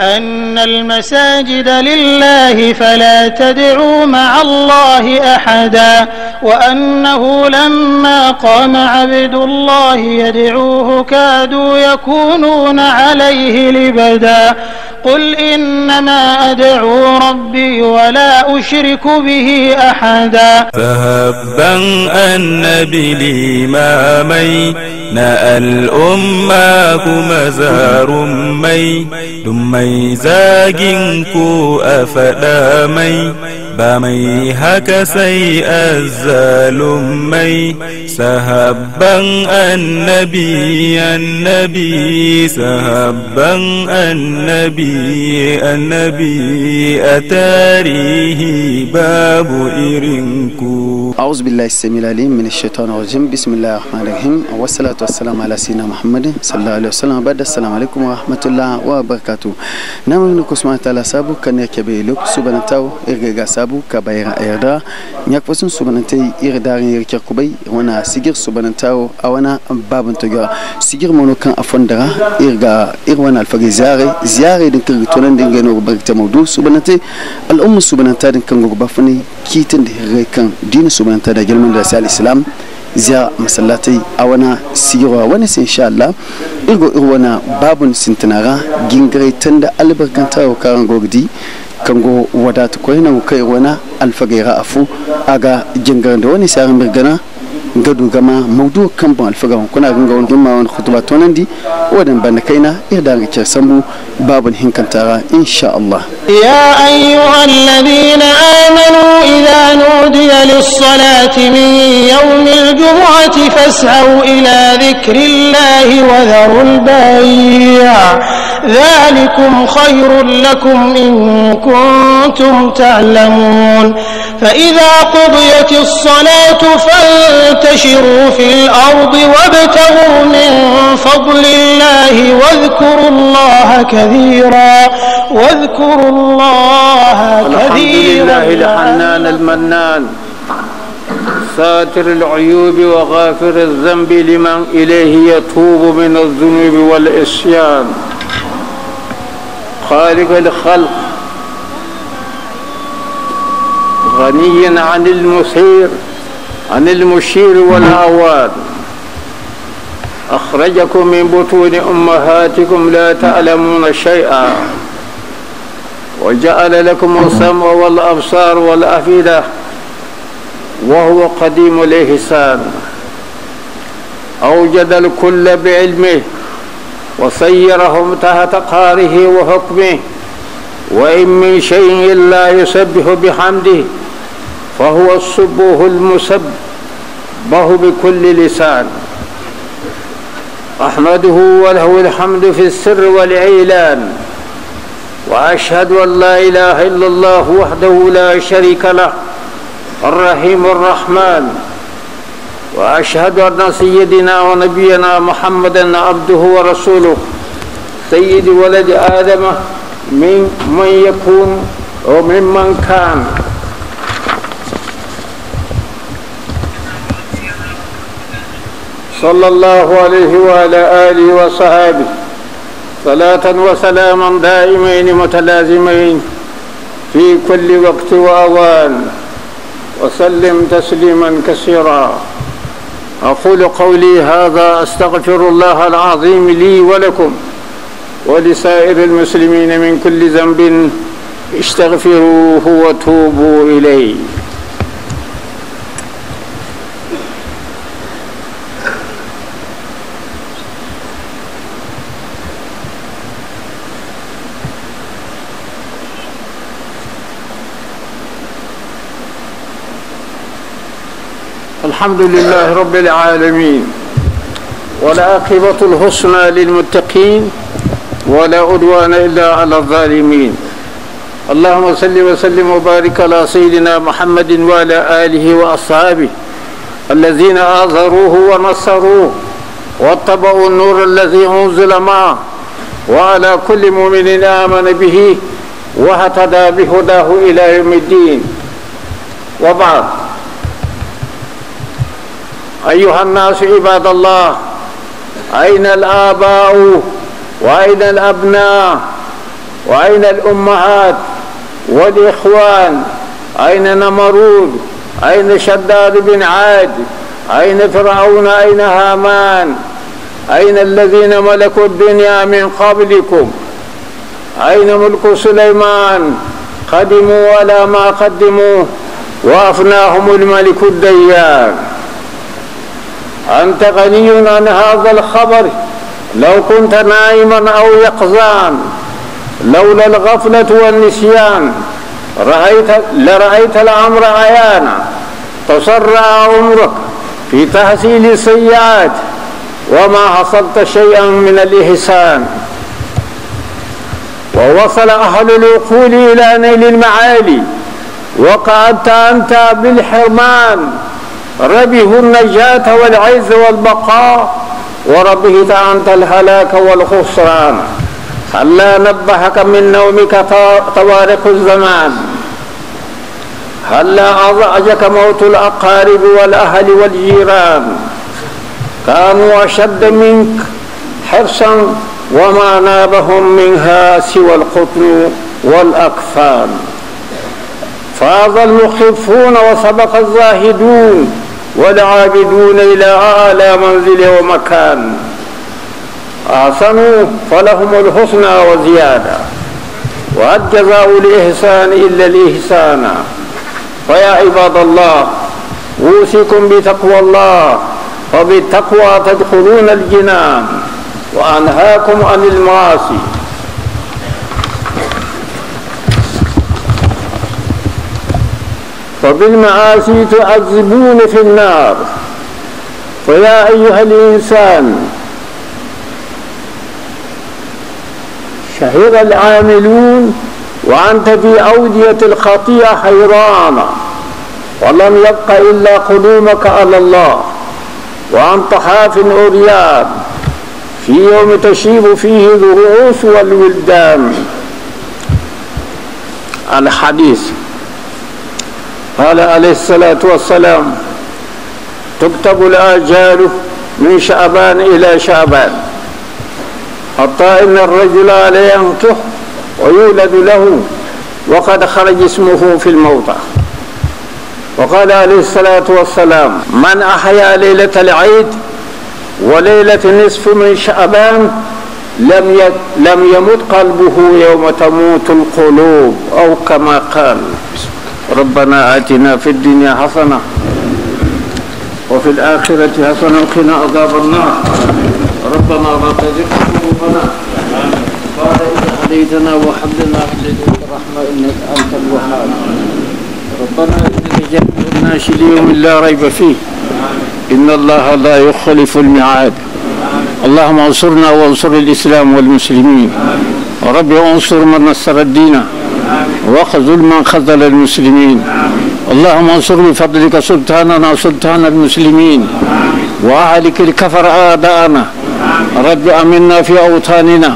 وأن المساجد لله فلا تدعوا مع الله أحدا وأنه لما قام عبد الله يدعوه كادوا يكونون عليه لبدا قل إنما أدعو ربي ولا أشرك به أحدا فهبا أن بالإمامين na al'umma kuma zarun mai dummai zagin ko a faɗa mai بامي haka sai الزالمي سهبا النبي النبي سهبا النبي النبي أتاريه باب إرنكو أعوذ بالله السميع العليم من الشيطان الرجيم بسم الله الرحمن الرحيم والصلاة والسلام على سيدنا محمد صلى الله عليه وسلم بعد السلام عليكم ورحمة الله وبركاته نعم منكم سبحانه وتعالى سابو كان يكبي لك سبحانه وتعالى إرقى سابو abu ka bai yarda ya kwasin su bananta iri darin yarkar kubai wana sigir su banantawo a wana babin tagwa sigir mono kan afon dara irga irwan alfari ziyare ziyare din kan tonan din gano barkta maudu su bananta al'umma su bananta din kan gurba fani kitin da hirrai kan dini su bananta da girman da sai islam ziya masallatai a wana sigirwa wani sai insha Allah irgo irwana babun sintinara gingare tanda albarkantawa karan gogdi kango wadata koy nangu kay wona alfagera afu aga wani wani sarin mirgana gadu gama maudu kan ban alfaga kuna ganga wani ma wani khutba to wadan ban kaina irda ga sambu باب الحين كنت إن شاء الله يا أيها الذين آمنوا إذا نودي للصلاة من يوم الجمعة فاسعوا إلى ذكر الله وذروا البيع ذلكم خير لكم إن كنتم تعلمون فإذا قضيت الصلاة فانتشروا في الأرض وابتغوا من فضل الله واذكروا الله كذلك كثيرا واذكروا الله كثيرا الحمد لله الحنان المنان ساتر العيوب وغافر الذنب لمن إليه يتوب من الذنوب والإسيان خالق الخلق غني عن المثير عن المشير والأواد أخرجكم من بطون أمهاتكم لا تعلمون شيئا وجعل لكم السمع والأبصار والأفئدة وهو قديم الإحسان أوجد الكل بعلمه وصيرهم تحت قاره وحكمه وإن من شيء إلا يسبح بحمده فهو السبوه المسبه بكل لسان أحمده وله الحمد في السر والإعلان وأشهد أن لا إله إلا الله وحده لا شريك له الرحيم الرحمن وأشهد أن سيدنا ونبينا محمدا عبده ورسوله سيد ولد آدم من من يكون من كان صلى الله عليه وعلى آله وصحابه صلاة وسلاما دائمين متلازمين في كل وقت وأوان وسلم تسليما كثيرا أقول قولي هذا أستغفر الله العظيم لي ولكم ولسائر المسلمين من كل ذنب استغفروه وتوبوا إليه الحمد لله رب العالمين والعاقبة الحسنى للمتقين ولا عدوان إلا على الظالمين اللهم صل وسلم وبارك على سيدنا محمد وعلى آله وأصحابه الذين آزروه ونصروه واتبعوا النور الذي أنزل معه وعلى كل مؤمن آمن به واهتدى بهداه إلى يوم الدين وبعد أيها الناس عباد الله أين الآباء وأين الأبناء وأين الأمهات والإخوان أين نمرود أين شداد بن عاد أين فرعون أين هامان أين الذين ملكوا الدنيا من قبلكم أين ملك سليمان قدموا ولا ما قدموا وأفناهم الملك الديان أنت غني عن هذا الخبر لو كنت نائما أو يقظان لولا الغفلة والنسيان رأيت لرأيت الأمر عيانا تسرع عمرك في تحصيل السيئات وما حصلت شيئا من الإحسان ووصل أهل الوقول إلى نيل المعالي وقعدت أنت بالحرمان ربه النجاة والعز والبقاء وربهت أنت الهلاك والخسران هلا نبهك من نومك طوارق الزمان هلا أضعجك موت الأقارب والأهل والجيران كانوا أشد منك حرصا وما نابهم منها سوى القتل والأكفان فاض المخفون وسبق الزاهدون والعابدون إلى أعلى منزل ومكان أحسنوا فلهم الحسنى وزيادة وهل جزاء الإحسان إلا الإحسان فيا عباد الله أوصيكم بتقوى الله فبالتقوى تدخلون الجنان وأنهاكم عن المعاصي وبالمعاصي تعذبون في النار فيا أيها الإنسان شهر العاملون وأنت في أودية الخطيئة حيران ولم يبق إلا قدومك على الله وأنت حاف عريان في يوم تشيب فيه الرؤوس والولدان الحديث قال عليه الصلاة والسلام تكتب الآجال من شعبان إلى شعبان حتى إن الرجل لينكح ويولد له وقد خرج اسمه في الموضع وقال عليه الصلاة والسلام من أحيا ليلة العيد وليلة نصف من شعبان لم لم يمت قلبه يوم تموت القلوب أو كما قال بسم ربنا آتنا في الدنيا حسنة وفي الآخرة حسنة وقنا عذاب النار ربنا لا تزغ قلوبنا بعد إذ هديتنا وهب لنا من لدنك رحمة إنك أنت الوهاب ربنا إنك جميع الناس اليوم لا ريب فيه إن الله لا يخلف الميعاد اللهم انصرنا وانصر الإسلام والمسلمين ربي انصر من نصر الدين وخذل من خذل المسلمين اللهم انصر بفضلك سلطاننا نعم، سلطان المسلمين وأهلك الكفر آداءنا رب أمنا في أوطاننا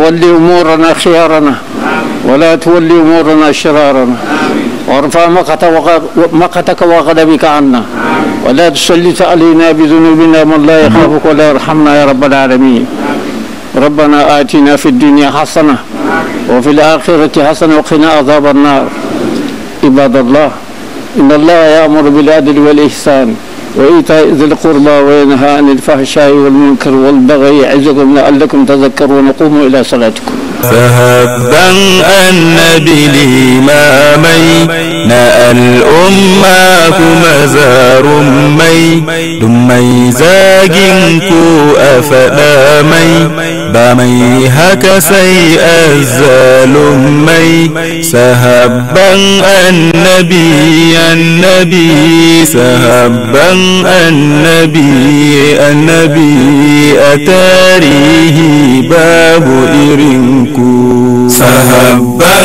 وولي أمورنا خيارنا ولا تولي أمورنا شرارنا وارفع مقتك وغضبك عنا ولا تسلط علينا بذنوبنا من لا يخافك ولا يرحمنا يا رب العالمين ربنا آتنا في الدنيا حسنة وفي الآخرة حسنة وقنا عذاب النار عباد الله إن الله يأمر بالعدل والإحسان وإيتاء ذي القربى وينهى عن الفحشاء والمنكر والبغي يعظكم لعلكم تذكرون قوموا إلى صلاتكم فهبا أن بالإمامي ناء الأمة مزار مي دمي زاجنكو أفلامي سي هكسي الزلمي سهبا النبي النبي سهبا النبي النبي أتاريه باب إرنكو سهبا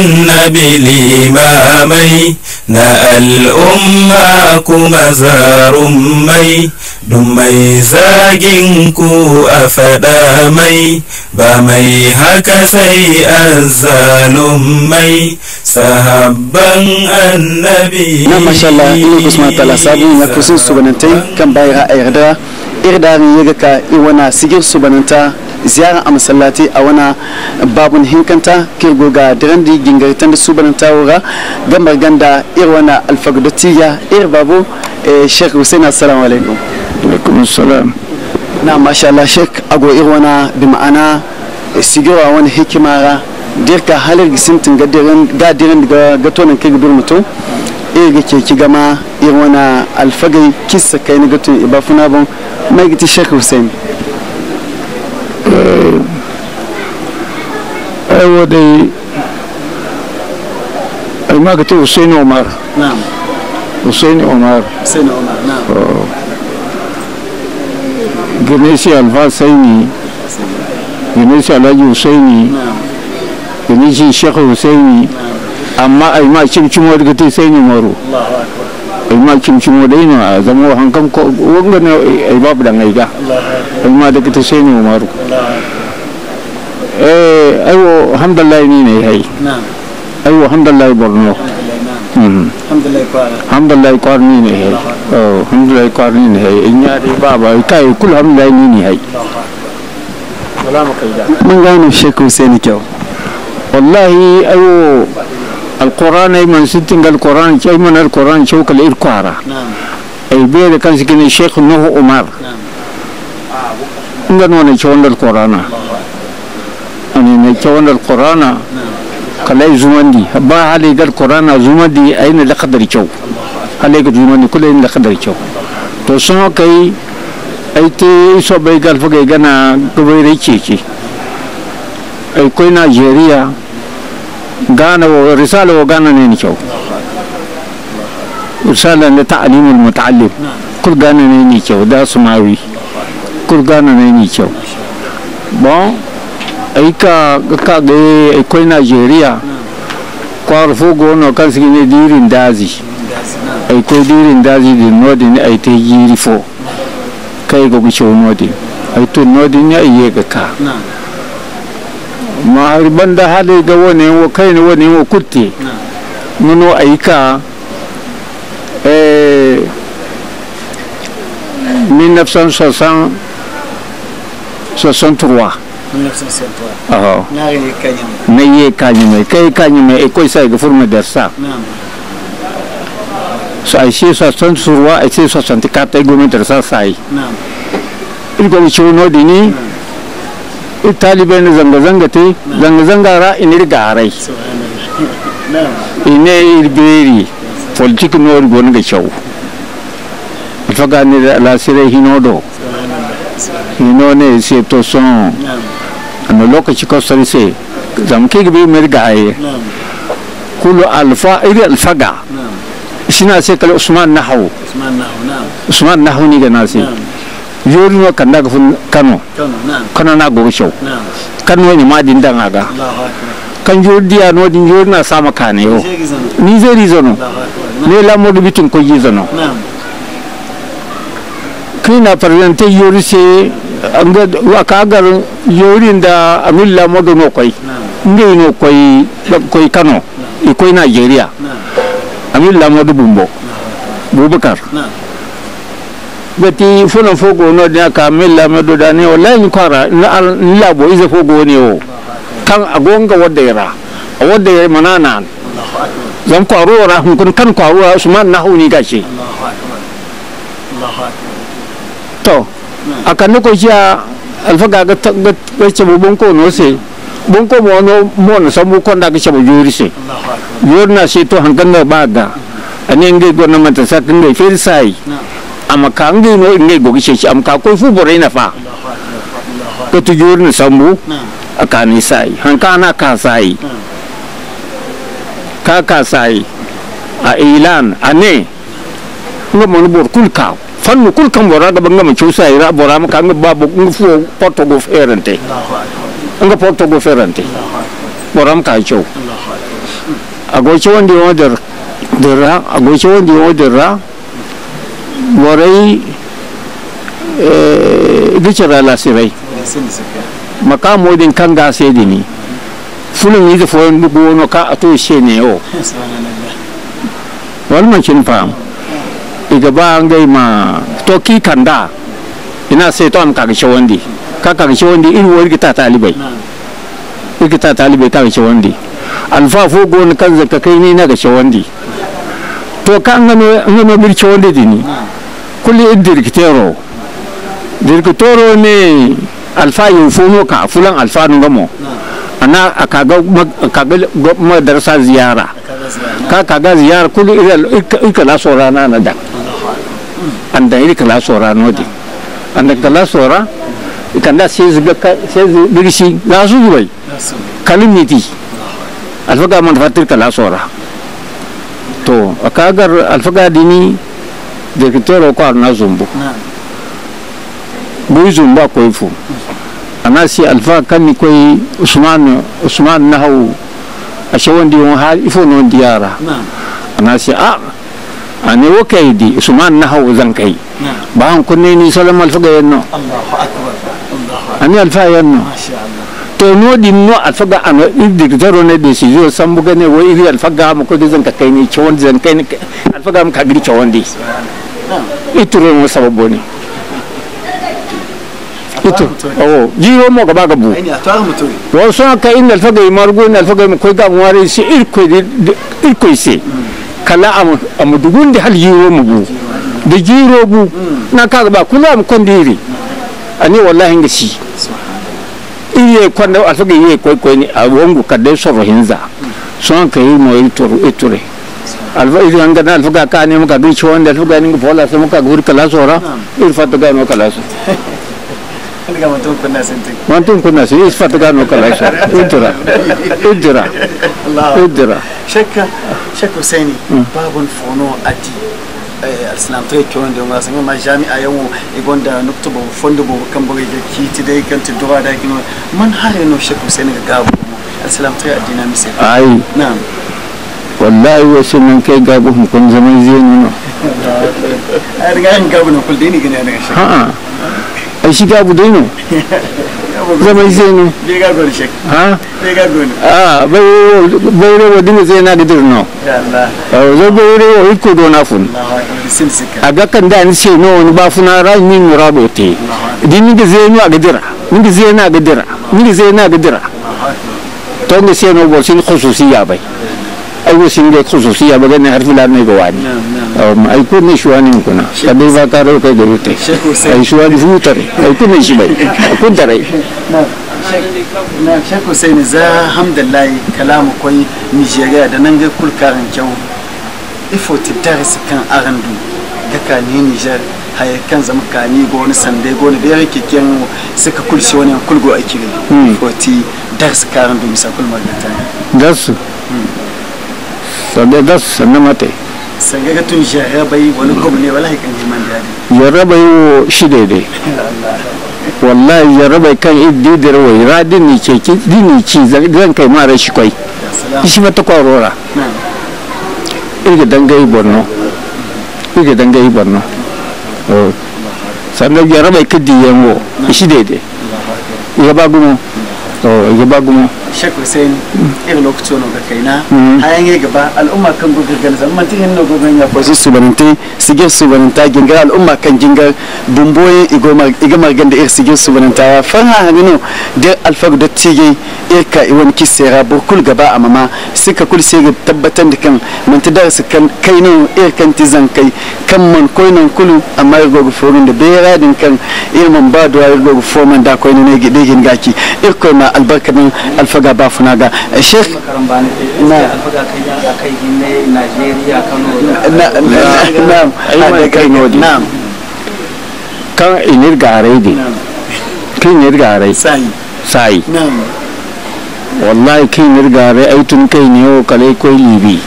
النبي الإمامي na al'umma kuma zarun mai dun mai zagin ku a faɗa mai ba mai haka sai azzalun mai sahabban annabi na mashallah ina kusma tala sabu na kusin subanantai kan bayar a yarda irdari ya ga ka iwana sigir subananta ziyara a masallati a wana babun hinkanta kirgo ga di gingaritan da su banan tawura gambar ganda irwana alfagdotiya ir babu eh, sheikh hussein assalamu alaikum alaikum assalam na masha Allah sheikh ago irwana bi ma'ana eh, sigirwa wani hikimara dirka halar gisintin ga dirin ga gatonan kai gudun mutum iri eh, ga keke gama irwana alfagai kisa kai na gatun ibafunabon mai gita sheikh hussein awooday eh, eh, maagata husein umar husein umar oh. ganesi alfa saini ganesi alhaji husaini ganesi shekh husaini amma ai ma cimcimo daga ta saini maro ma ima cimcimo daina a zama hankan wanga na babu da ngaiga ima da kita sai ne umaru eh aiwo alhamdulillah ni ne naam aiwo alhamdulillah borno alhamdulillah kwar ni ne oh alhamdulillah kwar ni ne hai in ya dai baba kai kul alhamdulillah ni ne hai mun gane shekau sai ni kyau wallahi aiwo القرآن أي أيمن ستنج القرآن أي من القرآن شو كل الإركارة نعم البير كان سكين الشيخ نوح عمر نعم عندنا ونشون القرآن أنا نشون القرآن كل نعم. أي كلا زمندي با علي القرآن زمان زمندي أين لقدر شو زمان دي كل أين لقدر شو تسمع كي أي تي سو بيجال فجأة أنا كبير شيء شيء أي كوي جريا gane risala wa gane ne kyau risala da ta'alimul muta'allim kul gane ne ni kyau da su mawi kul gane ne ni kyau bon ai ka ka ga akwai Najeriya kwar fugo no kan sigi ne dirin dazi ai ko dirin dazi di nodi ne ai ta yiri fo kai ga mu show nodi ai to nodi ne ai ye ka ka ma banda hali da wani wa kai ne wani wa kutte nuno aika eh 1963 1963 oh na ye mai kai kanyame e koi sai ga furma da sa so a ishe sa son surwa ai shi sa santikata e gomi da sa sai il gomi chuno dini talibai na zanga-zanga te zanga-zanga ra inir garai ine irberi politik no irgo nga chau faga ni la sire hinodo ino ne se to son no lokaci ko sari se zamke gibi mer gaye kulu alfa iri alfaga shina se kala usman nahu usman nahu ni ga nasi yoriwa kan daga fun kano kano na gogo shau kano ne ma din dan aga kan yori dia no din yori na sama kane yo ni zai no ne la du bitin ko yizono kina parlante yori se anga waka agar yori da amilla modu no koi ngai no koi koi kano ikoi nigeria amilla modu bumbo bubakar gati funa fogo no dia ka milla medo da ne wallahi ni kwara ni labo ize fogo ne o kan agonga wadda yara wadda yara manana zan kwaro ra hun kun kan kwaro usman nahu ni gashi to akan ko jiya alfaga ga ga ce bon ko no se bon ko mo no mo no samu ko da ga ce bu yuri sai yurna se to hankan ga baga anen ga gona mata sakin da fir sai amakangi no inge gogi shi amka ko fu bore na fa ko tu yur ni sambu akani sai hankana ka sai ka ka sai a ilan ane nga mon bor kul ka fannu kul kam bora ga banga mu sai ra bora ma kan ba bo ngu fu porto go ferante nga porto go ferante bora ka chou ago chou ndi odor dora ago chou ndi odor warai eh, gicara lasirai makamu odin kan ga sai dini fulun yi da fuwan dubu wani ka a to she ne yau wani mancin fam iga ba an gai ma toki kanda ina sai to am karshe wandi ka karshe wandi iri wani ta talibai iri ta talibai karshe wandi alfa fo gona kan zaka kai ni na karshe wandi to kan ngano ngano birce wandi dini kulli indirikitero dirikitero ne alfa yin funo ka fulan alfa nun gamo ana akaga akaga madarsa ziyara ka kaga ziyara kulli ikala sora na na da anda kala sora no di anda kala sora ikanda sezi sezi birisi lasu zubai kalimiti alfaga man fatir kala sora to akagar alfaga dini jekitoro ko arna zumbu bui zumbu akwai fu anasi alfa kanni koy usman usman nahawu ashe di on ha ifo non diyara si a ah, ane wo di usman nahawu kai. ba han kone ni salam alfa gayenno allahu akbar ani alfa yenno to no di no alfa ga ano ibdi taro ne decision sambu gane wo iri alfa ga mu ko zan kai ni chawon zan kai alfa ga mu ka gidi chawon di ituru sababu ne itu oh jiro mo ga baga bu wo so ka in alfa ga margo in alfa ga ko ga wari si irko di irko si kala am am dugun di hal jiro mu bu hmm. de jiro bu na ka ba kula am kondiri ani wallahi ngi si iye kon alfa ga iye ko ko ni a wongu kadde so hinza so an ka yi mo ituru ituru alfa isu an kana alfa ka kani muka bi cho ande alfa gani bola se muka guri kala sora ir fatu ga no kala so alga mantum kunna sinti mantum kunna si is fatu ga no kala so ujra ujra allah ujra shakka shakku sani babun fono ati alislam tre kyon de ngasa ma jami'a yawo igonda nuktubo fondo bo kambore de kiti de kanti dora da kino man hare no shakku saini ga gabu alislam tre adina mise ai na'am Vallahi o nan kai ga gufin kun zama zai nuna a riga yin gabu na kulde ne gani Ha. daga shi değil mi? Zaman gabu dai şey, ne zama zai ha bai gago Ah, a bai rewa dini zai na gidir no zo bai rewa iko do na fun a ga kan da ni sai no wani ba funa ran min murado te dini ga zai Mı gidira min ga Mı na gidira min ga zai na gidira to ne sai no bolsin khususiya bai ayusin yung khususiya bagay na harfilan may gawaan. Um, ay po may suwanin ko na. Sabi ba taro kay Dorote? Ay suwan po taro. Ay po may suwan. Ay po taro. Shek Hussein, za hamdallahi kalamu kwa Nigeria da nange kulka ang jawo. Ifo ti darisi kan arandu. Gaka ni Niger hayakan zama ka ni gona sande gona da yake kikin suka kulshi wani kulgo a kire. Hmm. Ifo ti darisi kan arandu misa kulmar da ta. Hmm. sade das sannan mate sanga ga tun sha ya bai wani kuma ne wallahi kan man dadi ya raba yo shi daidai wallahi ya raba kan iddi da rawai radin ni ce ki ni ci zan kai mara shi kai shi mata kwarora irga dangai borno irga dangai borno oh. sannan ya raba kidi yango shi daidai ya ba gumo to ya irin lokacin wani ga kaina mm. hayan ya gaba al'umma kan ko su gingar al'umma kan gingar bumboye ganda ir ya da alfag da tige irka iwan kisera burkul gaba suka kul sai ga tabbatar da kan manta darsu kan kai ne irkan kai kan man koinan kulu amma irgogu forin da bera din kan irman ba da da koinan allah albarkanin alfaga ba eh, sheikh na alfaga kai a kai najeriya kano na na kan inir garai ne wallahi kan inir garai ai na. kai ne yau kalai koi libi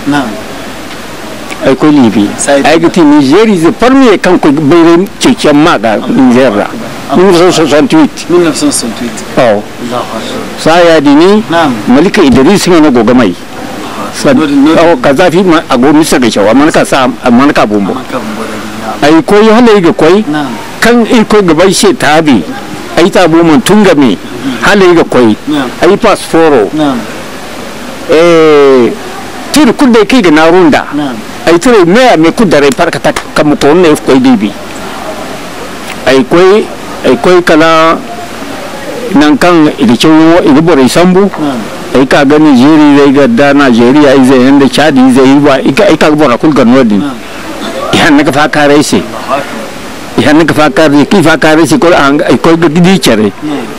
ai koi libi ai gati nijeri zai farme kan koi bai keken ma ga nigeria 1968 1968 oh saya dini malika idris ne goga mai ka zafi a go misa ga shawa man ka sa man ka bombo ai koyi halai ga koyi kan i ko gaba she tabi ai ta bomon tunga e, me halai ga koyi ai pasforo eh tir dai kai ga runda ai tire me me dare parka ta kamu to ne koyi dibi ai koyi ai koyi kala nan kan igice igibor isambu hmm. ika ga nigeria zai ga da nigeria zai yanda chadi zai yi ba ika ika ga bora kulgan wadin ihan hmm. naka fa kare se ihan hmm. naka fa kare ki fa kare se kol an kol ga gidi chere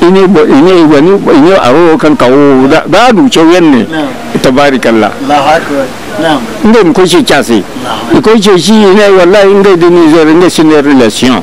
ine ine wani ine aro kan kawo da da du chauyen ne tabarakallah Allahu akbar na'am inde ko ce chase ko ce shi ne wallahi inda dini zai ringa sin relation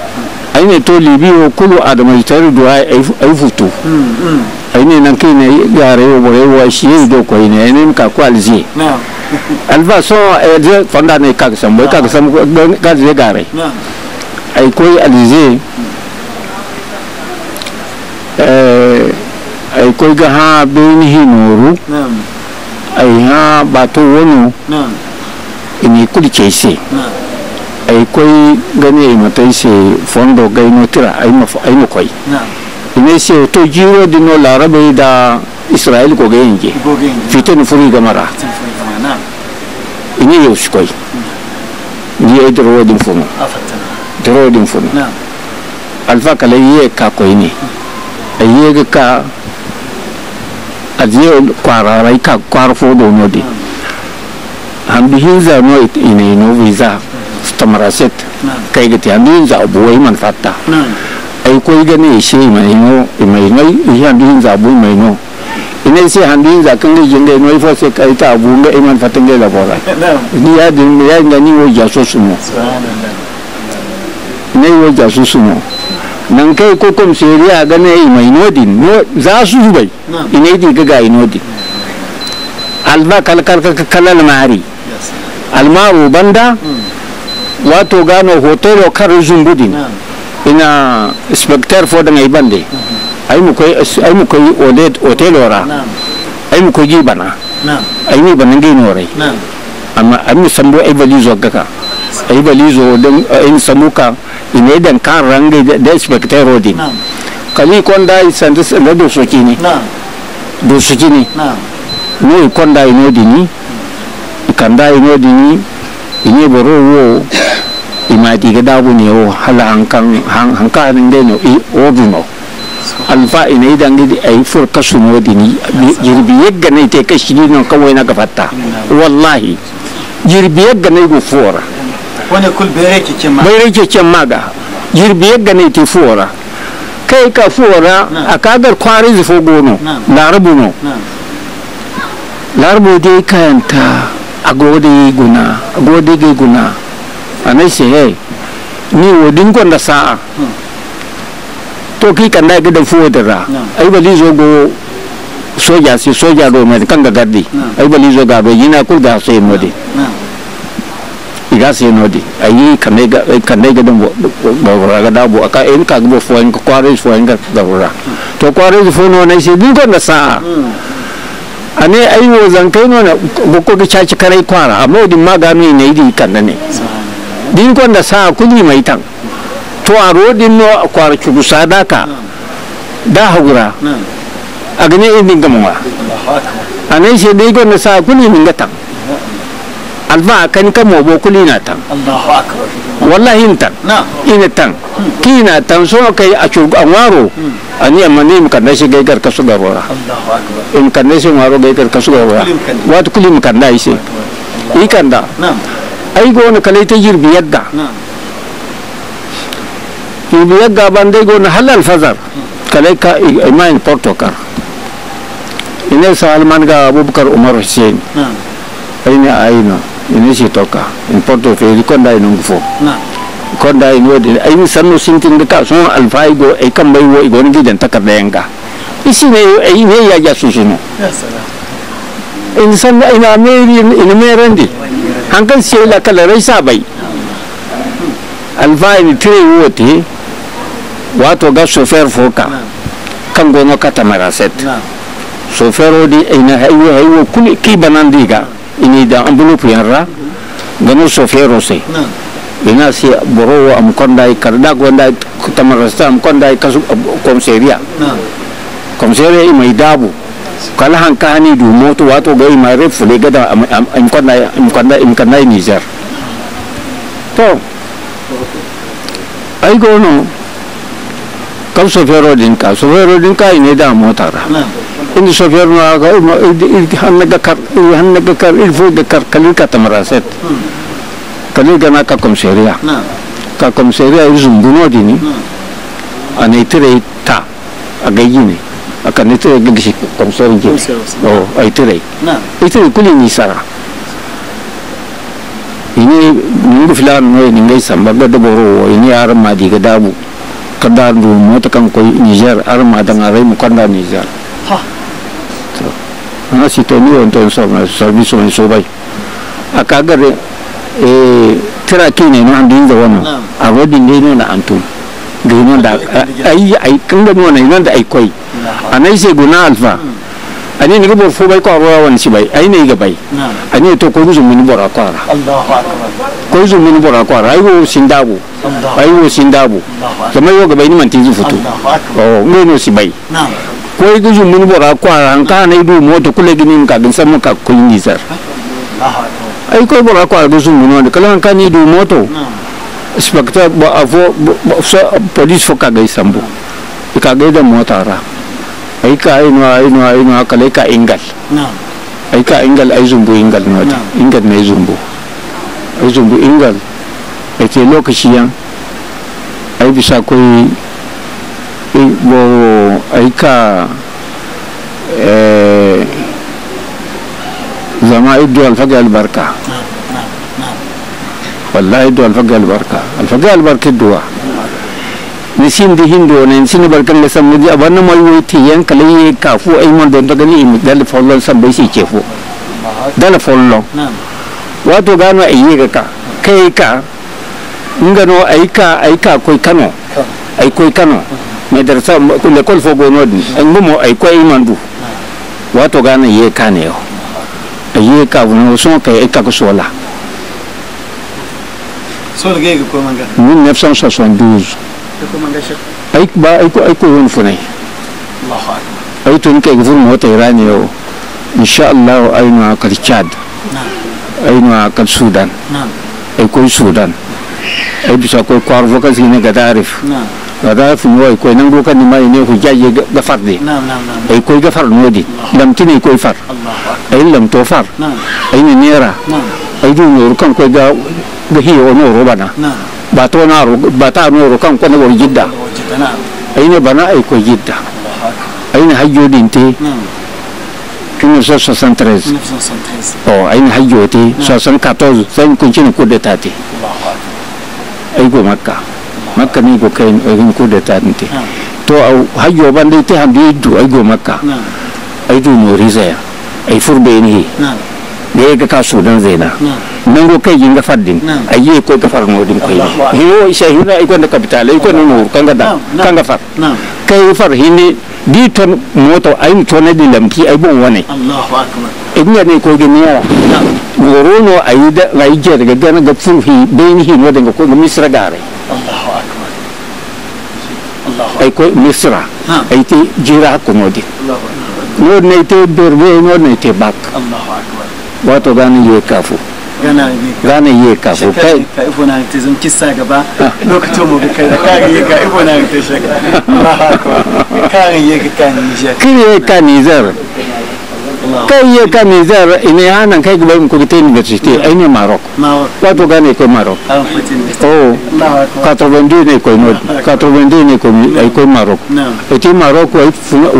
aine to libi o kulu adamayitari do ay futu mm, mm. ayine nankine gare o bore wa shiye do ko ine ne ka kwalzi alva so de fonda ne ka sam bo ka sam ka de gare ay koy alize eh ay koy ga ha nuru na ay ha to wonu ini kuli na ai koi gani ma tai se fondo gai no tira ai ma ai ma koi se to jiro di no larabe da israel ko gai nje fite no furi gamara ina yo shkoi ni ai dro wadin funo dro wadin funo alfa kala ye ka koi ne yi ye ka ajiye kwara rai ka kwara fodo no di hambihinza no ina ino visa merasit kay getian din za buai man fatta ai koi gani shi mai no mai ngai yan din za bu mai no ina sai handin za kan ga jinga no fa sai kai ta bu ga iman fatan ga labora ni ya din ya ngani wo ja so sumo ne wo ja so sumo nan kai ko kom seriya ga ne mai no din no za su bai ina di ga ga ino din alba kal kal kal kal mari almaru banda watu gano hotelo kar zumbudin ina spectator fo da ngaiban de ai mu koy ai mu koy odet hotelo ra ai mu koy gibana ai bana banan gaino norai. amma ai mu sambo ai valizo gaka ai valizo don ai samuka ina dan kan range da spectator rodin kali konda isanta da do sokini do sokini ne konda nodini dini ikanda ino dini inye boro oh, wo ima tiga dabu ni wo oh, hala hankan hankan inde no i oduno oh, alfa ina idangi di ay fur kasuno dini jirbi yegga ne te kashini non kawai na gafatta wallahi jirbi yegga ne go fora wani kul bere ke ma. maga bere ke ma ga. jirbi yegga ne te fora kai ka fora a kagar kwari zufo gono larabu no larabu dai kayanta agodi guna agodi ge guna anai se he ni wodin kon sa, sa'a to ki kan da ga da fuwa da ra ai bali zo go soja si soja do mai kan ga gaddi ai bali zo ga do yina kul ga sai no de iga sai no de ai kan ga kan ga da bo ra ga da bo aka in ka go fuwa in ka kware fuwa in ga da ra to kware fuwa no nai se din kon da sa'a ane aiwo zankai no na gokko chachi karai kwana amodi magami ne idi ne din kon da sa kuni mai tan to a rodin no kwar chugu sadaka da hagura agne indin gamwa ane she dai kon da sa kuni min tan alfa kan kamo bo na tan Allahu akbar والله انتن انتن كينا تنسوك اشوف انوارو اني امني مكناش غير كسوغا ورا الله اكبر ان كناش مارو غير كسوغا ورا وات كل مكناش اي كندا نعم اي غون كليت يجر بيدا نعم يبيغا باندي غون حلال فزر كليك ايمان بورتوكر إنه سالمان غا أبو بكر عمر حسين نعم أين أين ene sitoka en porto feeri konda en ongo fof konda en woodi ayni sanno sintinde ka sono alfayi goo e kam mbayi wo e gono giden takarda en ga isine ine yaja susuno ene sanno ina meeri ene meerandi hankan sehla kala ray sabay alfayi ne tire wooti wato ga chauffeur fo ka kan gono katamara set chauffeur odi ina haywo haywo kuli kibanandiga ini da ambulu fiyanra ganu sofero se nah. ina si borowo am kondai karda gondai tamarasta am kondai kasu komseria eh, komseria nah. ima idabu kala hanka hani du moto wato ga ima ref le gada am kondai am kondai im kondai niger to ai gono kam sofero din ka sofero din ka ine da motara nah indi sofiar ma ga ma indi indi han naga kar indi han naga kar indi fu de kar kalil kata meraset hmm. kalil gana ka kom seria ka kom seria indi zum buno dini eh. hmm. ane itere ta aga yini aka ne tere gi gishi kom o a itere itere kuli ni sara ini nungu filan no eh, ini ngai samba gada boro wo ini ar ma di gada bu kada bu mo takang koi nijar ar ma danga rei mukanda nijar anasitamiwa ntansana service wan sobai akagare e eh, tira kine no andi inda wana arodi ndino na antum gino da ai ai kanga no na ino da ai koi anai se na alfa hmm. ani ne gbo fo bai a arwa wani si bai ai ne ga bai ani to ko zu mun bɔra kwara a akbar ko zu mun bora kwara ai wo sindabu ai wo sindabu kamar yo ga bai ni man tizu futu oh ngeno si bai ko ga mun bora kwara an ka na idu moto kule gini ka gin samu ka kun yi zar ai ko bora kwara ga mun wanda kala kan ni idu moto inspector ba avo police fo ka ga sambu ka ga da mota ra ai ka ai no ai no ai no kala ka ingal ai ka ingal ai zumbu ingal no ingal mai zumbu ai zumbu ingal ai ce lokaci yan ai bisa koi bo aika eh zama idu al fajr al barka wallahi idu al fajr al barka al fajr al barka duwa nisin di hindu ne nisin barkan da san muji abana wannan mai wuti yan kale yi kafu ai mun don gani in dal follow san bai shi kefu dal follow wato gano ayi ga ka kai ka ingano aika aika koi kano aikoi kano madarasa l'école fogo nodin ngumo ay koy mandu wato gana ye kaneo ye ka wono son ka e ka sola sol ge ko manga 1972 ko manga shek ay ba ay ko ay ko won funai Allahu tun ke gfur mota irani yo insha Allah ay no akal chad ay no akal sudan ay koy sudan ay bisa koy kwarvo ka zine gadarif nga da fu ñoy koy nang ko ni may eh, eh, eh, ne ga fat oh, di naam naam naam ay koy ga far no di lam ci ne koy far ay lam to far ay ni neera ay du ñoru kan koy ga ga hi o ñoru bana ba to na ru ba ta ñoru kan ko ne wol jidda ay ne bana ay koy jidda ay ne hajjo din te Kini sudah 63. 63. Oh, ini hajjo te 64. Saya ingin kunci nak kudetati. Allah. Ayo makkah makka ni go kain egin eh, ku de tanti ah. to au hayo bande te handi du ai go makka ah. ai du no rizaya ai furbe ni ne ah. ga ka sudan zena nan go kai yin ga faddin ai ye ko ga far no din kai hiwo isha hina ai gonda capital ai ko no kanga da kanga far kai far hini di ton moto ai to na di lamki ai bon wane Allahu akbar inya ne ko gani yara goro no ai da ai je daga gana ga fuhi bayin hi no daga ko misra gare ay ko misra ay jira konodi non ne te berbe non ne te bak wato gane ye kafu gane ye kafu kai ka ifo na te zun kissa gaba lokacin mu kai da ka ye ka ifo na te shaka kan ye ka ni je kan ye ka ni zar كي كان زار إني أنا كي قبل مكوتين قصدي إني ماروك واتو كان يكون ماروك أو كاتروبندين يكون نود كاتروبندين يكون يكون ماروك إتي ماروك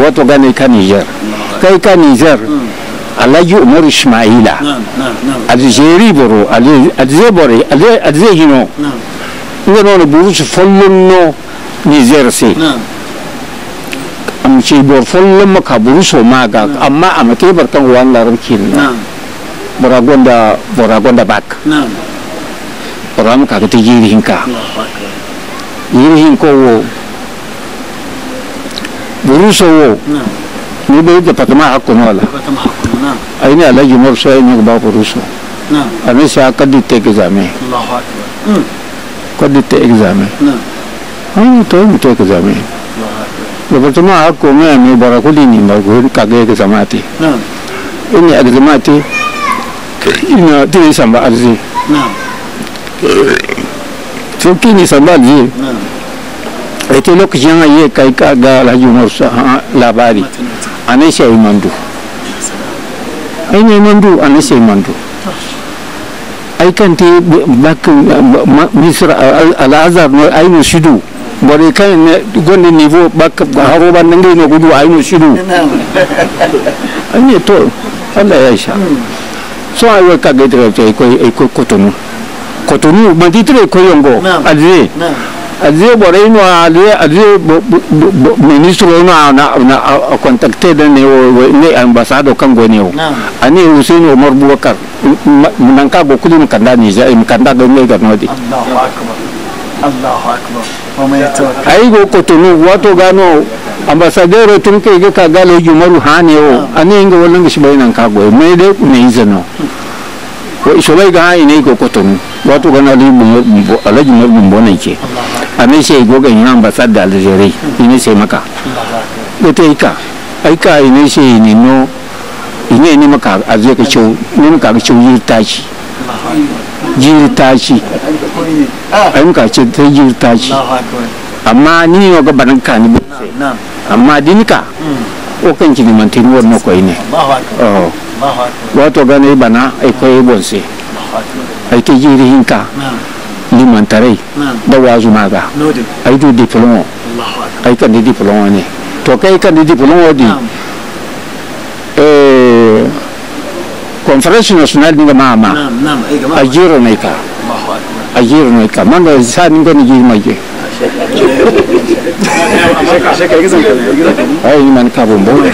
واتو كان كان يزار كي كان يزار الله يؤمر إسماعيل أدزيري برو أدزيبوري أدزيهنو نعم نعم نعم نعم نعم نعم نعم نعم ce bor follon buru so maga amma a mate barkan wan larar kin boragonda boragonda bak boram ka ta ka yi rihin ko wo buruso wo ni bai da fatima hakku na wala ai ne alaji mor sai ne ba buruso a me sai aka ditte examen Allahu akbar ko ditte examen na ai to Departement a kome mai barakuli ne ba ku kaga ya zama te. Ina a zama te ina tiri samba arzi. Soki ni samba arzi. Ita lokacin ya kai kaga Alhaji Umar labari. A nan shi a yi mandu. Ainihin mandu a nan shi a yi mandu. Aikanta bakin Misra al-Azhar ai mushidu. bari kai ne gonde niveau bak haro ban nange no gudu ayno shiru anye to Allah ya sha so ayo ka ga dire ce ko ko kotonu kotonu ma dire ko yongo adze adze bari no adze adze ministro no na na contacté da ne wo ne ambassado kan go ne wo ani Hussein Omar Bubakar nan ka go kudin kanda ni zai kanda ga ne ga nodi Allahu akbar Allahu akbar aigo kotonu wato gano a m b a s a d e r e tunke i ge ka gale jumaru hane o ane inga w o l o n g i shibai nan ka g o e me de ne izano wa ishobai ga h ai ne i ko kotonu wato gano ali m b o a l a j u mo bumbo ne a ke a n e s e i go ga ina ambasada a l j e r i ine s e maka gote ika aika ine s e i ni no ine i ni maka azwe ka chou ni maka ka chou j i r t a c h i j i r t a c h i ayyuka ah. ce ta yi ta ci amma ni ne ga barin ka ni bai amma dinika hmm. o kan ki man tin wannan koi ne oh wato ga bana ai koi bonse ai ke jiri hinka ni man tare da wazu maga ai du diploma ai kan diploma ne to kai kan diploma di eh conference national ni ga mama a jiro ne ka a giro 아기로니까 망가 사는 건 이게 막이 Ai mancava un buon.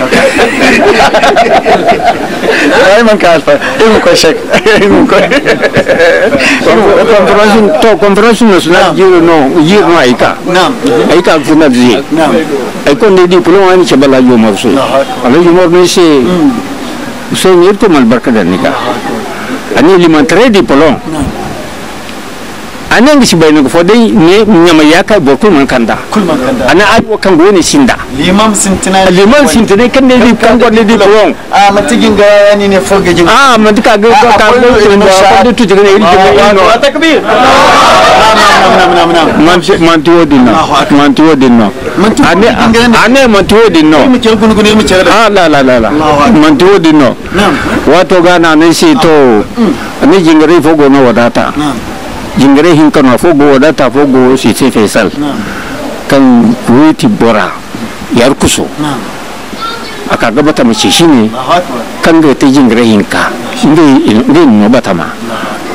Ai mancava, comunque c'è. Comprasi non sono giro no, giro no aika. Aika funa zi. E quando di prima anni c'è bella humor su. Alla humor mi hmm. si... Usai nirko malbarka danika. Ani lima tre di polong. ane ngi shibai nugu fo ne nyama ya kai kul kulman kanda kulman kanda ana ai wo kan gone shinda limam sintina limam sintina kan ne di kan gone di won a ah, matigin ga yani ne fo jin a ah, man ah, ga ga ka ga to da ka to jiga ne ri ne no takbir nam nam nam nam nam man man to din no man to din no man to din no mu cer gunu gunu mu cer da la la la la man to din no wato ga na ne shi to ni jingari fo wadata jingare hin kano fo go da ta fo go si ce fesal kan ruiti bora yar kuso aka gaba ta mace ne kan ga ta jingare hin ka inda inda no bata ma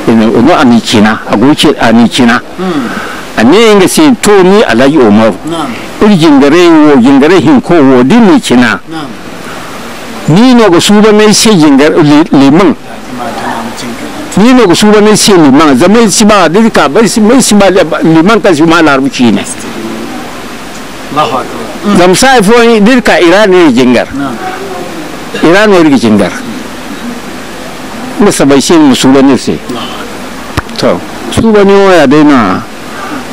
ina no anikina agoce a hmm. ne inga se to ni alaji umar ir jingare wo jingare hin ko wo din ni kina ni ne go suba mai sai jingare liman نينو غسوبا ميسي لما زميسي ما ديكا بس ميسي ما لما كاسي ما لاربشينا الله اكبر زمساي فوني ديكا ايران جنجر ايران ورغي جنجر nasa bai shi musuba ne sai to su ba ne waya dai na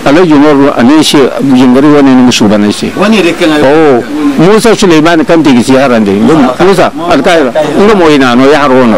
alhaji umaru a ne shi jingari wani ne musuba ne sai wani da kan oh musa suleiman kan tigi si haran dai musa alkaira inda mo ina no ya haro no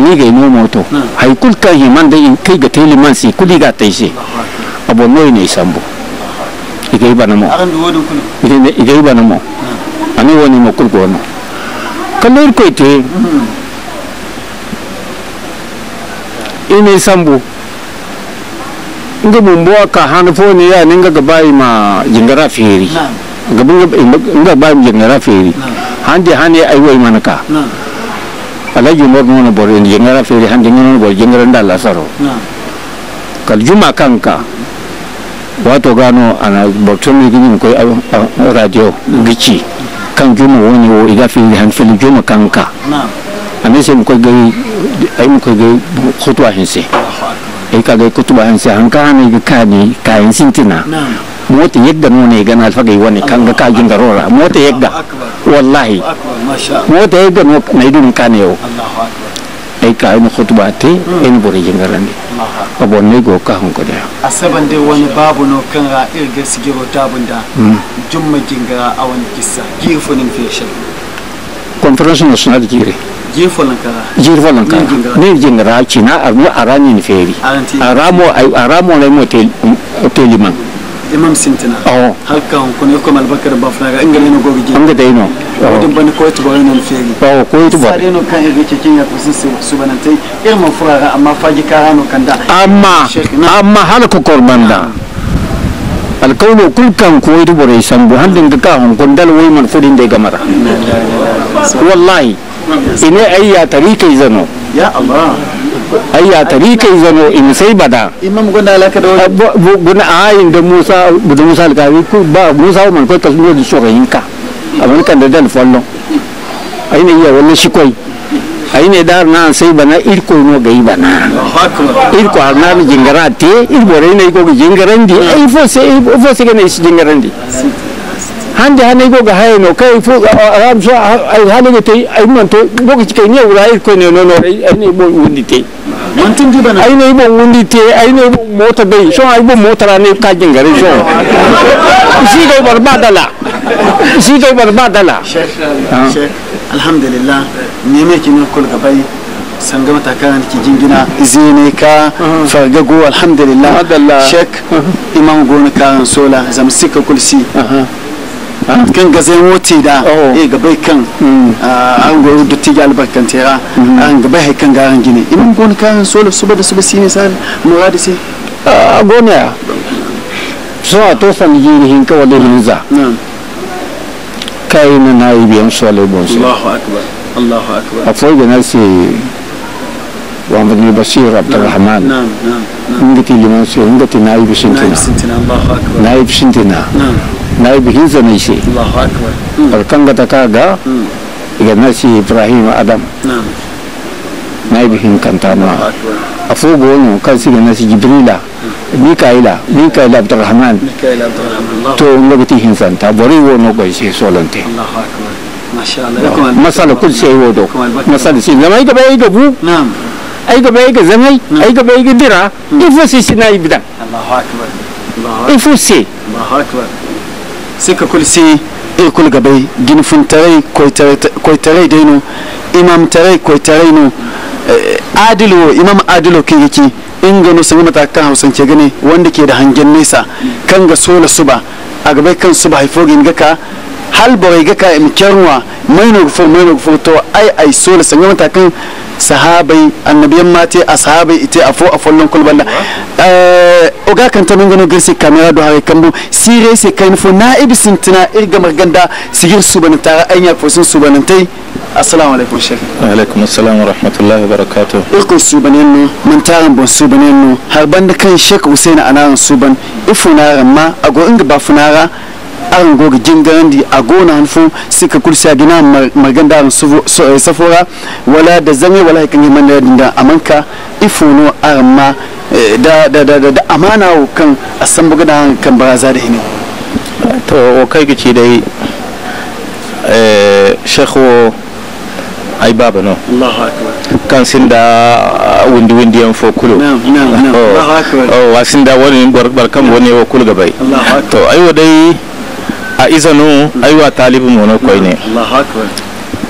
hanigay no moto h a i kul kan himan da i kai ga tele man si kuli ga tai si abo n o i ne sambu i g e i bana mo aran duwo dun kulu i g e i bana mo ani woni mo kul go no kalor ko i te ine sambu nga bumbu aka hanfo ne ya n e n g a ga b a i ma jingara feri ga bunga ga b a i ma jingara feri hande hande ai wai manaka n a alaji mor nuna bor in jingara fili han jingara nuna bor jingara nda la lasaro kal juma kanka wato gano ana borton ni gini koi radio gici kan juma woni wo iga fili han fili juma kanka ame se koi gari ai mu koi gari khutwa hin se ai ka gari khutwa hin se han ka ne ga ka ni kani kayan sintina mota yadda nuna ga na fagai wani kan ga ka jingaro mota yadda wallahi mota ya gano na idun kane yau ay ka yin khutba te in buri jingarandi abo ne go ka hon ko da asaban de wani babu no kan ra irga sigiro tabunda jumma jingara a wani kissa girfunin fashion conference national jire jirfalankara kara ne jingara cina arno arani ni feri aramo aramo lai mo teliman imam sintina oh. hakka kono ko oh. mal bakar ba flaga inga deno go gi inga no wadin ban ko to bayan nan fegi oh, ba ko to ba no kan e cikin ya kusin su banantai irma furaga amma faji karano kanda amma amma hal ko korbanda alkauno kulkan ko idu san bu handin ga ka hon gondal wai man fudin da gamara wallahi ina ayya tarike zano ya allah ayya tarika izano in sai bada imam gonda alaka da gona ayin da musa da musa alkawi ku ba musa man ko tasmiyo da shoga yinka abin kan da dal follo ayne iya wannan shi koi ayne dar na sai bana irko no gai bana irko har na jingara te rai rene ko di ai fo sai fo sai ne jingarandi hande hane go ga hayno kai fu ram so ai hane te ai man to go ci kai ne wura ko ne no no ai ne bo wundi te mantin ji bana aine ibon wundi te aine ibon mota bai so ai ibon mota ra ne ka jin gari so shi ga bar badala shi ga bar badala alhamdulillah ne me kin kul gabai sanga mata kan ki jingina zene ka uh-huh. farga go alhamdulillah shek uh-huh. imam gona kan sola zam sika kulsi uh-huh. kan ga zai wote da oh. e eh, ga kan hmm. ah, an goro da tiga albarkantera hmm. an ga bai haikan garan gine in gon kan solo suba da suba sine sal muradi sai a ah, gona ya so a to san ji hin ka wala za. kai na yi biyan solo bon sai Allahu akbar Allahu akbar a foi da nasi wa mabni basir abdurrahman na'am na'am ngati liman sai ngati nayi bishintina nayi bishintina Allahu akbar bishintina نائب هيزن شيء الله أكبر الكنغة تكاغا يغنسي إبراهيم آدم نعم نائب هين كنتانوا أفوق ونو كان سيغنسي جبريلا ميكايلا ميكايلا عبد الرحمن ميكايلا عبد الرحمن الله تو نغتي هينسان تابوري ونو كويسي سولنتي الله أكبر ما شاء الله مسألة كل شيء ودو مسألة شيء لما يجب يجبو نعم ايغا بايغا زمي نعم. ايغا بايغا درا يفوسي نعم. سينا يبدا الله اكبر الله اكبر يفوسي الله اكبر sika kul si ikul e gabai ginfin tarai koitarai daino imam tarai koitarai no eh, adilo imam adilo ke yake in ga nusa sami matakan hausance gane wanda ke da hangen nesa kan ga sola suba a gabai kan suba haifogin gin gaka hal bai gaka im kerwa maino gufo maino gufo to ai ai sola sami matakan sahabai annabiyan mate a sahabai ite a fo a follon kulballa eh, oga kan ta mengano girsi kamera do hare kambu sire se kain fo naibi sintina irga marganda sigir anya fo sun subanantai assalamu alaikum alaikum assalam wa rahmatullahi wa barakatuh irko no bon no har banda kan shek husaina anaran suban ma ago inga ba funara aran goga jingandi a gona hanfo sika a gina maganda aran eh, safora wala da zame wala kan yi mana da amanka ifono aran ma eh, da da da da amana kan a san buga kan baraza da hini to o kai gici dai eh, shekho ai baba no kan sinda ah, windi windi yan fo kulo oh, oh, wa wasinda wani barkan wani wa kulo gabai to ayo dai a izanu aywa talibu mono koyne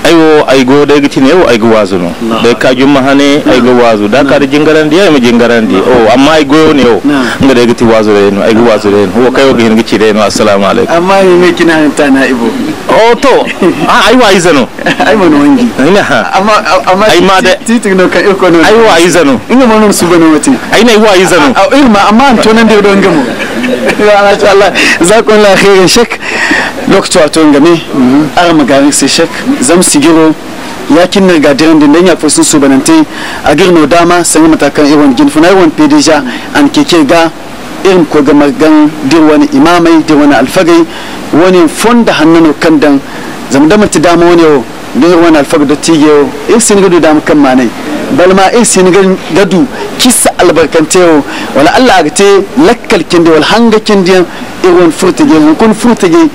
aiwo aigo da gitin yau aigo wazu no da ka jumma hane aigo wazu da ka jingaran di yayi jingaran di o oh, amma aigo ne o oh. inga da gitin wazu re no aigo wazu re no kai o hin gici re no assalamu alaikum amma ni me kina ta na ibo o oh, to a ah, ai wa izano ai mo no wangi ina amma amma ai ma da titin no kan ko no ai wa izano ina mo no su bano wati ai na wa izano ilma amma an tonan nan da don gamo ya Allah zakon la khairin shek lokacin wato ngami mm-hmm. ara magarin sai shek zam sigiro yakin na gadiran din dan ya fi sun banante a girno dama sanya matakan iwan gin funa iwan pedija an keke ga irin ko ga magan dir wani imamai dir wani alfagai wani fonda hannun kan dan da mutu dama wani yau don wani alfaga da tigewo in sin gado da mukan manai balma in sin gado kisa albarkantewo wala Allah ga te lakkal kindi wal hanga kindi irin furtage mun kun furtage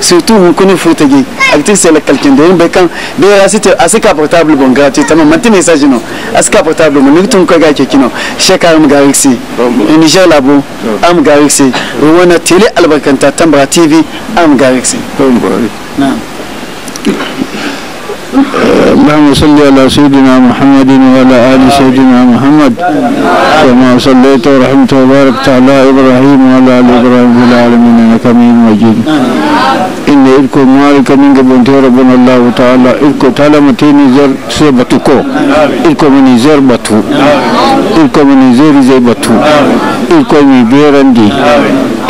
surtout mun kun furtage akti sai lakkal kindi in bai kan bai ya sita asika portable bon gratuit tamam manti message no asika portable mun nitun kai ga ke kino shekar mu rixi in Niger labo am rixi wana tele albarkanta tambara tv am rixi na'am اللهم صل على سيدنا محمد وعلى آل سيدنا محمد كما صليت ورحمت وباركت على إبراهيم وعلى آل إبراهيم في العالمين إنك امين مجيد إن إلكو مالك من قبل ربنا الله تعالى تعالى تلمتيني زر سيبتكو إلكو مني زر بتو إلكو مني زر زي بتو إلكو مي بيرندي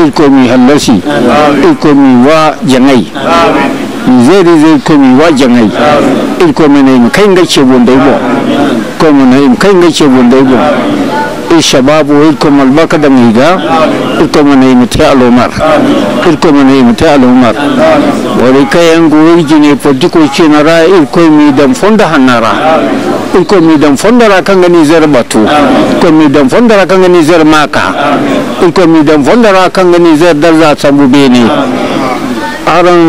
إلكو مي هلسي إلكو مي وا جني izeri zete biwajangai ilko menaim kainga chebundaibo ko menaim kainga chebundaibo الشباب ويلكم البكدا ميدا إلكم أنا يمتع الأمر إلكم أنا يمتع الأمر ولكي ينقو يجيني فدكو يشينا إلكم ميدم فندا هنارا إلكم ميدم فندا راكان نيزر باتو إلكم ميدم فندا راكان نيزر ماكا إلكم ميدم فندا راكان نيزر دلزات سبوبيني aran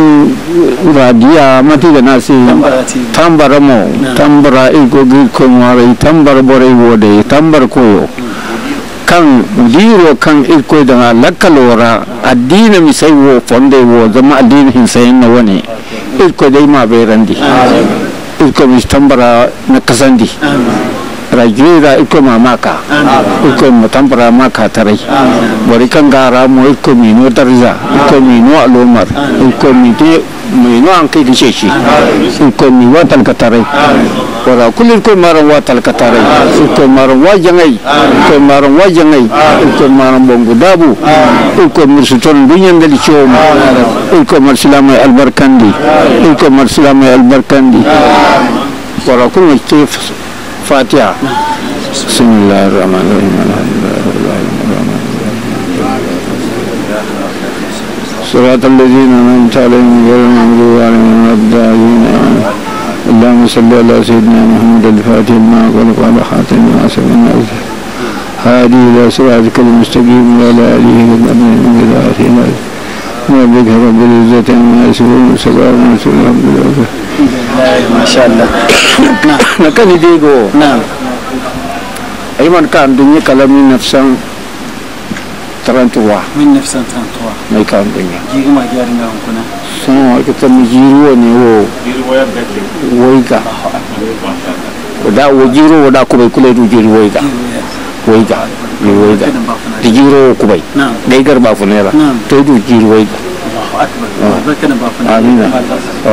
radiya mati da nasi tambara mo tambara iko giko mara tambara bore wode tambar koyo kan diro kan iko da lakalora addini mi sai wo fonde wo zama addini hin sai na wani iko dai ma bai randi iko mi tambara na kasandi tarayira ikum amaka ikum tampara maka tarai berikan karamu ikum inu tarza ikum inu alumar ikum itu inu angki di sisi ikum iwa watal katarai wala kulir ikum marang watal katarai ikum marang wajangai ikum marang wajangai ikum marang bongu dabu ikum mursutun dunyan dari cioma ikum marsilamai albarkandi ikum marsilamai albarkandi wala kulir ikum الفاتحة بسم الله الرحمن الرحيم صراط الذين أنعمت عليهم غير المغضوب عليهم ولا الضالين اللهم صل على سيدنا محمد الفاتح ما أغلق على خاتم الناصر والناصر هادي إلى صراطك المستقيم وعلى آله وصحبه من إلى آخر ربك رب العزة عما يصفون وسلام على الحمد mashallah na kan na ayman kan dunya kalami nafsan 33 min nafsan 33 mai kan dunya jiri ma na kuna sun wa kita mi jiri ne wo woiga da wo jiro wo da kubai kula du jiri woiga woiga ni woiga di jiro kubai dai garba funera to du jiri woiga Allahu akbar ba ah. amina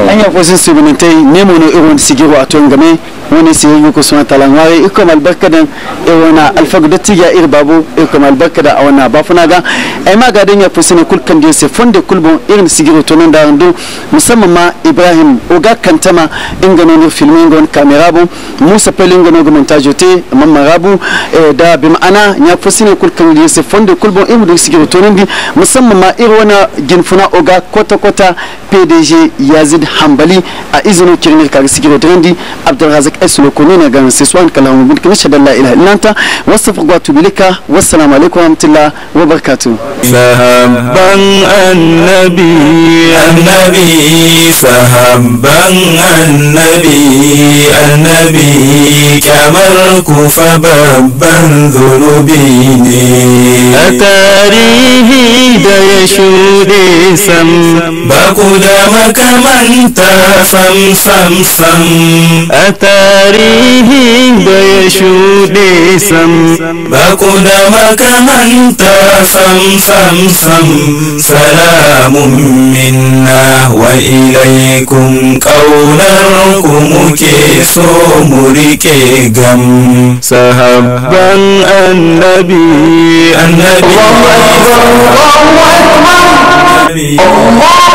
anya fosi oh. sibintai nemo irin sigiru a aton game wani sai yi ku suna talan ware iko malbarka da e alfagu da tiga iri babu iko malbarka da awana ba funa ga ai ma gadan ya fusina kulkan da se fonde kulbun irin sigiri to da ndu musamman ma ibrahim oga kantama ingano no filmi ingon kamera bu musa pelin gono gon montage te mamma rabu da bi ma'ana ya fusina kulkan da se fonde kulbun irin sigiri to nan di musamman ma iri wani ginfuna oga kota kota pdg yazid hambali a izinin kirmir kari sigiri to nan di abdulrazak اسلكونينا جان سيسوان كلام ممكن نشهد لا اله الا انت وصف قوات بلك والسلام عليكم ورحمه الله وبركاته فهبا النبي النبي فهبا النبي النبي كما الكف بابا ذنوبي أتاريه ديشود سم بقدامك من فم فم فم أتاريه tarihi da ya shuɗe sam da makamanta sam sam sam salamun minna wa ilaikum ƙaunar ku muke so mu riƙe gam sahabban annabi annabi Allahu Akbar Allahu Akbar Allahu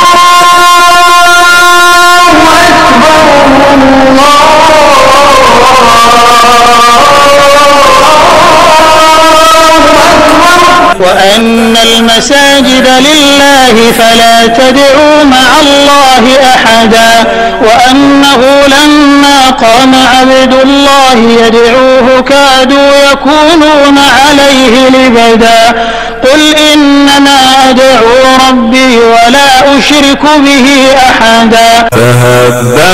وأن المساجد لله فلا تدعوا مع الله أحدا وأنه لما قام عبد الله يدعوه كادوا يكونون عليه لبدا قل إنما أدعو ربي ولا أشرك به أحدا فهبا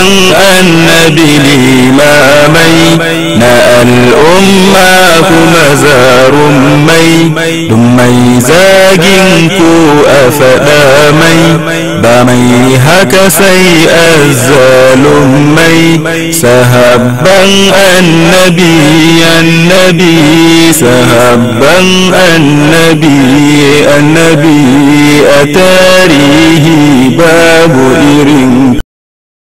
أن بالإمامين الأمة مزار مي دمي زاج كو أفدامي بامي هكا سي الزلمي سهبا النبي النبي سهبا النبي النبي أتاريه باب إرن